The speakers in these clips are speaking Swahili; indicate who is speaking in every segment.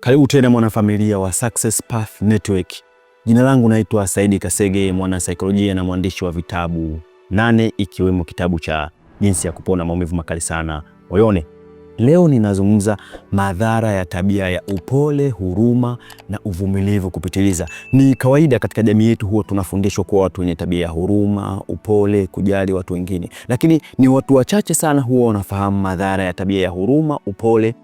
Speaker 1: Karibu tena mwanafamilia wa Success Path Network. Jina langu naitwa Saidi Kasege, mwanasaikolojia na mwandishi wa vitabu nane ikiwemo kitabu cha jinsi ya kupona maumivu makali sana moyoni. Leo ninazungumza madhara ya tabia ya upole, huruma na uvumilivu kupitiliza. Ni kawaida katika jamii yetu, huwa tunafundishwa kuwa watu wenye tabia ya huruma, upole, kujali watu wengine, lakini ni watu wachache sana huwa wanafahamu madhara ya tabia ya huruma, upole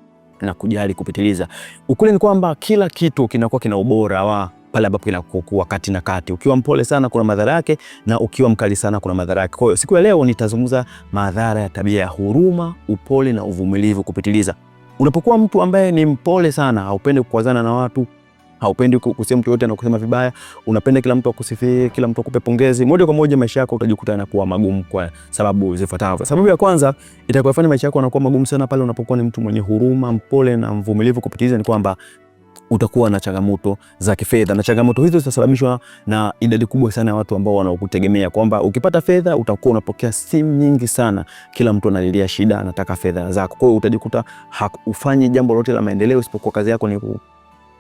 Speaker 1: na kujali kupitiliza. Ukule ni kwamba kila kitu kinakuwa kina ubora wa pale ambapo kinakuwa kati na kati. Ukiwa mpole sana kuna madhara yake, na ukiwa mkali sana kuna madhara yake. Kwa hiyo siku ya leo nitazungumza madhara ya tabia ya huruma, upole na uvumilivu kupitiliza. Unapokuwa mtu ambaye ni mpole sana, haupendi kukwazana na watu haupendi kusema mtu yote anakusema vibaya, unapenda kila mtu akusifie, kila mtu akupe pongezi. Moja kwa moja maisha yako utajikuta yanakuwa magumu kwa sababu zifuatazo. Sababu ya kwanza itakayofanya maisha yako yanakuwa magumu sana pale unapokuwa ni mtu mwenye huruma, mpole na mvumilivu kupitiliza ni kwamba utakuwa na changamoto za kifedha, na changamoto hizo zitasababishwa na idadi kubwa sana ya watu ambao wanaokutegemea, kwamba ukipata fedha utakuwa unapokea simu nyingi sana, kila mtu analilia shida, anataka fedha zako. Kwa hiyo utajikuta hakufanyi jambo lolote la maendeleo, isipokuwa kazi yako ni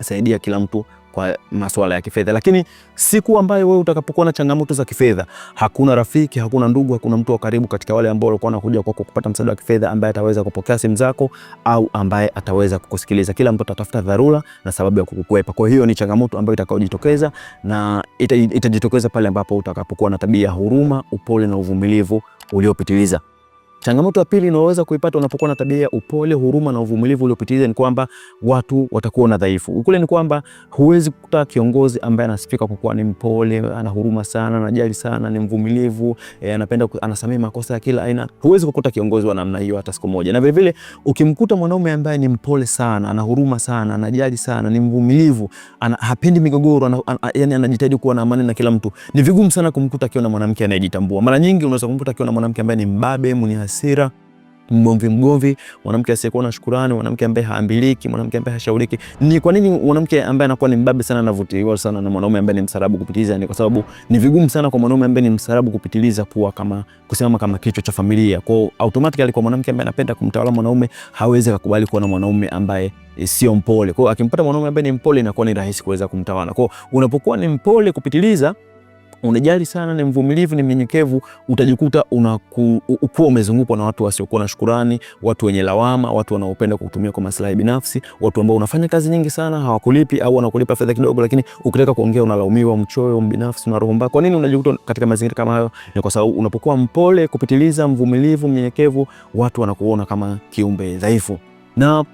Speaker 1: saidia kila mtu kwa masuala ya kifedha. Lakini siku ambayo wewe utakapokuwa na changamoto za kifedha, hakuna rafiki, hakuna ndugu, hakuna mtu wa karibu katika wale ambao walikuwa wanakuja kwako kupata msaada wa kifedha ambaye ataweza kupokea simu zako au ambaye ataweza kukusikiliza. Kila mtu atatafuta dharura na sababu ya kukukwepa. Kwa hiyo ni changamoto ambayo itakayojitokeza na itajitokeza pale ambapo utakapokuwa na tabia ya huruma, upole na uvumilivu uliopitiliza. Changamoto ya pili unaweza kuipata unapokuwa na tabia ya upole, huruma na uvumilivu uliopitiliza ni kwamba watu watakuwa na dhaifu. Ukule ni kwamba huwezi kukuta kiongozi ambaye anasifika kwa kuwa ni mpole, ana huruma sana, anajali sana, ni mvumilivu, e, anapenda anasamehe makosa ya kila aina. Huwezi kukuta kiongozi wa namna hiyo hata siku moja. Na vile vile ukimkuta mwanaume ambaye ni mpole sana, ana huruma sana, anajali sana, ni mvumilivu, ana, hapendi migogoro, ana, an, yani anajitahidi kuwa na amani na kila mtu. Ni vigumu sana kumkuta akiwa na mwanamke anayejitambua. Mara nyingi unaweza kumkuta akiwa na mwanamke ambaye ni mbabe, mwenye hasira, mgomvi mgomvi, mwanamke asiyekuwa na shukurani, mwanamke ambaye haambiliki, mwanamke ambaye hashauriki. Ni kwa nini mwanamke ambaye anakuwa ni mbabe sana anavutiwa sana na mwanaume ambaye ni msarabu kupitiliza? Ni kwa sababu ni vigumu sana kwa mwanaume ambaye ni msarabu kupitiliza kuwa kama kusimama kama kichwa cha familia. Kwa automatically kwa mwanamke ambaye anapenda kumtawala mwanaume, hawezi kukubali kuwa na mwanaume ambaye e, sio mpole. Kwa akimpata mwanaume ambaye ni mpole, inakuwa ni rahisi kuweza kumtawala. Kwa unapokuwa ni mpole kupitiliza unajali sana, ni mvumilivu, ni mnyenyekevu, utajikuta unakuwa umezungukwa na watu wasiokuwa na shukurani, watu wenye lawama, watu wanaopenda kutumia kwa maslahi binafsi, watu ambao unafanya kazi nyingi sana hawakulipi au wanakulipa fedha kidogo, lakini ukitaka kuongea unalaumiwa, mchoyo, mbinafsi, na roho mbaya. Kwa nini unajikuta katika mazingira kama hayo? Ni kwa sababu unapokuwa mpole kupitiliza, mvumilivu, mnyenyekevu, watu wanakuona kama kiumbe dhaifu na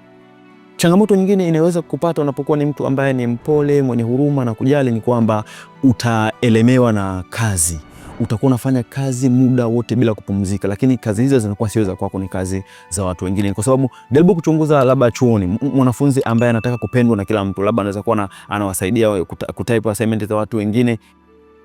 Speaker 1: Changamoto nyingine inaweza kupata unapokuwa ni mtu ambaye ni mpole, mwenye huruma na kujali, ni kwamba utaelemewa na kazi utakuwa unafanya kazi muda wote bila kupumzika, lakini kazi hizo zinakuwa sio za kwako, ni kazi za watu wengine. Kwa sababu jaribu kuchunguza, labda chuoni, mwanafunzi ambaye anataka kupendwa na kila mtu, labda anaweza kuwa anawasaidia kutype assignment za watu wengine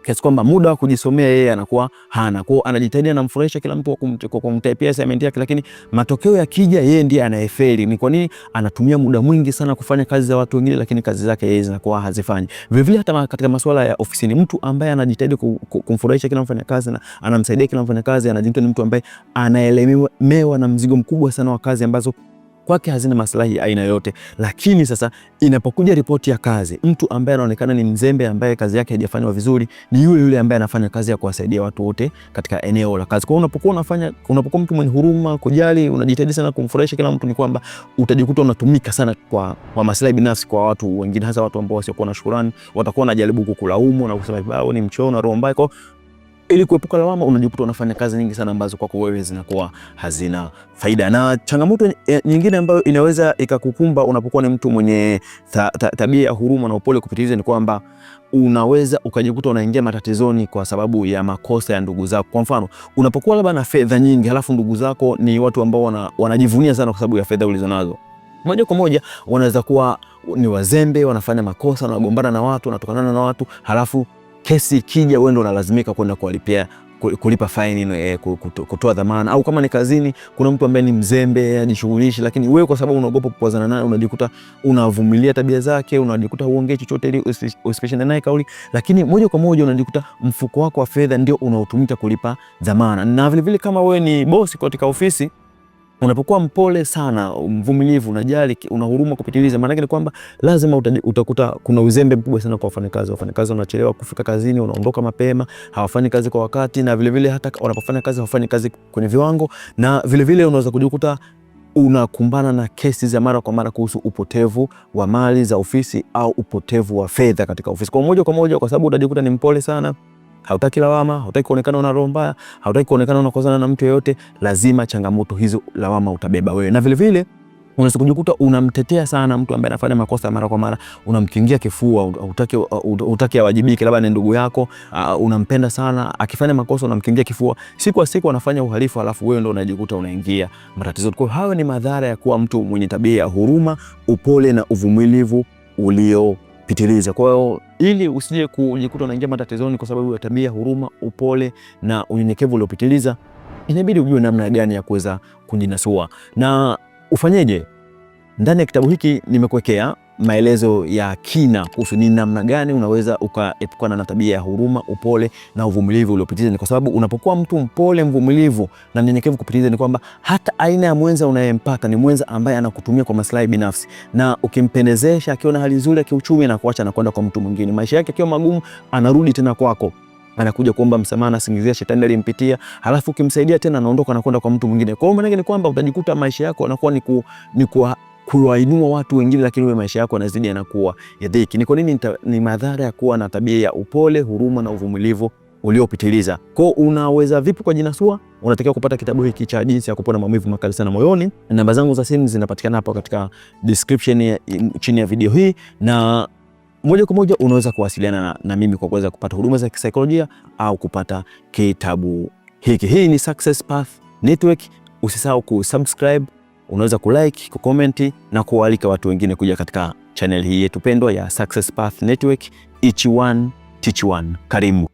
Speaker 1: kiasi kwamba muda wa kujisomea yeye anakuwa hana. Kwa anajitahidi, anamfurahisha kila mtu kwa kumtaipia assignment yake, lakini matokeo yakija, yeye ndiye anayefeli. Ni kwa nini? Anatumia muda mwingi sana kufanya kazi za watu wengine, lakini kazi zake yeye zinakuwa hazifanyi. Vile vile hata katika masuala ya ofisini, mtu ambaye anajitahidi kumfurahisha kila mfanyakazi na anamsaidia kila mfanyakazi, anajitahidi, ni mtu ambaye anaelemewa na mzigo mkubwa sana wa kazi ambazo kwake hazina maslahi aina yoyote. Lakini sasa inapokuja ripoti ya kazi, mtu ambaye anaonekana ni mzembe, ambaye kazi yake haijafanywa vizuri, ni yule yule ambaye anafanya kazi ya kuwasaidia watu wote katika eneo la kazi. Kwa hiyo unapokuwa unafanya, unapokuwa mtu mwenye huruma, kujali, unajitahidi sana kumfurahisha kila mtu, ni kwamba utajikuta unatumika sana kwa, kwa maslahi binafsi kwa watu wengine, hasa watu ambao wasiokuwa na shukrani, watakuwa wanajaribu kukulaumu na kusema wewe ni mchoyo na roho mbaya kwao ili kuepuka lawama, unajikuta unafanya kazi nyingi sana ambazo kwako wewe zinakuwa hazina faida. Na changamoto nyingine ambayo inaweza ikakukumba unapokuwa ni mtu mwenye ta, ta, tabia ya huruma na upole kupitiliza ni kwamba unaweza ukajikuta unaingia matatizoni kwa sababu ya makosa ya ndugu zako. Kwa mfano, unapokuwa labda na fedha nyingi, halafu ndugu zako ni watu ambao wana, wanajivunia sana kwa sababu ya fedha ulizonazo moja kwa moja wanaweza kuwa ni wazembe, wanafanya makosa, wanagombana na watu, wanatokanana na watu, halafu kesi ikija, wewe ndo unalazimika kwenda kuwalipia kulipa faini, eh, kutoa dhamana, au kama ni kazini, kuna mtu ambaye ni mzembe ajishughulishi, lakini wewe kwa sababu unaogopa kupozana naye, unajikuta unavumilia tabia zake, unajikuta uongee chochote ili usipishane naye kauli, lakini moja kwa moja unajikuta mfuko wako wa fedha ndio unaotumika kulipa dhamana. Na vilevile kama wewe ni bosi katika ofisi Unapokuwa mpole sana, mvumilivu, unajali, una huruma kupitiliza, maana yake ni kwamba lazima utakuta kuna uzembe mkubwa sana kwa wafanyakazi. Wafanyakazi wanachelewa kufika kazini, wanaondoka mapema, hawafanyi kazi kwa wakati, na vilevile vile hata wanapofanya kazi hawafanyi kazi kwenye viwango, na vilevile unaweza kujikuta unakumbana na kesi za mara kwa mara kuhusu upotevu wa mali za ofisi au upotevu wa fedha katika ofisi, kwa moja kwa moja, kwa sababu utajikuta ni mpole sana hautaki lawama, hautaki kuonekana una roho mbaya, hautaki kuonekana unakozana na mtu yeyote. Lazima changamoto hizo, lawama utabeba wewe, na vilevile unaweza kujikuta unamtetea sana mtu ambaye anafanya makosa mara kwa mara, unamkingia kifua, hutaki hutaki awajibike, labda ni ndugu yako, uh, unampenda sana, akifanya makosa unamkingia kifua, siku kwa siku anafanya uhalifu, alafu wewe ndio unajikuta unaingia matatizo. Kwa hiyo hayo ni madhara ya kuwa mtu mwenye tabia ya huruma, upole na uvumilivu uliopitiliza. Kwa hiyo ili usije kujikuta unaingia matatizoni kwa sababu ya tabia, huruma, upole na unyenyekevu uliopitiliza. Inabidi ujue namna gani ya kuweza kujinasua na ufanyeje. Ndani ya kitabu hiki nimekuwekea maelezo ya kina kuhusu ni namna gani unaweza ukaepukana na tabia ya huruma, upole na uvumilivu uliopitiliza. Ni kwa sababu unapokuwa mtu mpole, mvumilivu na mnyenyekevu kupitiliza, ni kwamba hata aina ya mwenza unayempata ni mwenza ambaye anakutumia kwa maslahi binafsi, na ukimpendezesha, akiona hali nzuri ya kiuchumi, anakuacha anakwenda kwa mtu mwingine. Maisha yake akiwa magumu, anarudi tena kwako anakuja kuomba msamaha, anasingizia shetani alimpitia, halafu ukimsaidia tena anaondoka, anakwenda kwa mtu mwingine. Kwa hiyo maana yake ni kwamba utajikuta maisha yako anakuwa ni, ku, ni, kuwa kuwainua watu wengine, lakini wewe maisha yako yanazidi yanakuwa ya dhiki. Ni kwa nini? Ni madhara ya kuwa na tabia ya upole, huruma na uvumilivu uliopitiliza. Kwa unaweza vipi kwa kujinasua? Unatakiwa kupata kitabu hiki cha jinsi ya kupona maumivu makali sana moyoni. Namba zangu za simu zinapatikana hapo katika description ya, chini ya video hii na moja kwa moja unaweza kuwasiliana na, na mimi kwa kuweza kupata huduma za kisaikolojia au kupata kitabu hiki. Hii ni Success Path Network. Usisahau kusubscribe unaweza kulike, kukomenti na kualika watu wengine kuja katika channel hii yetu pendwa ya Success Path Network. Each one teach one. Karibu.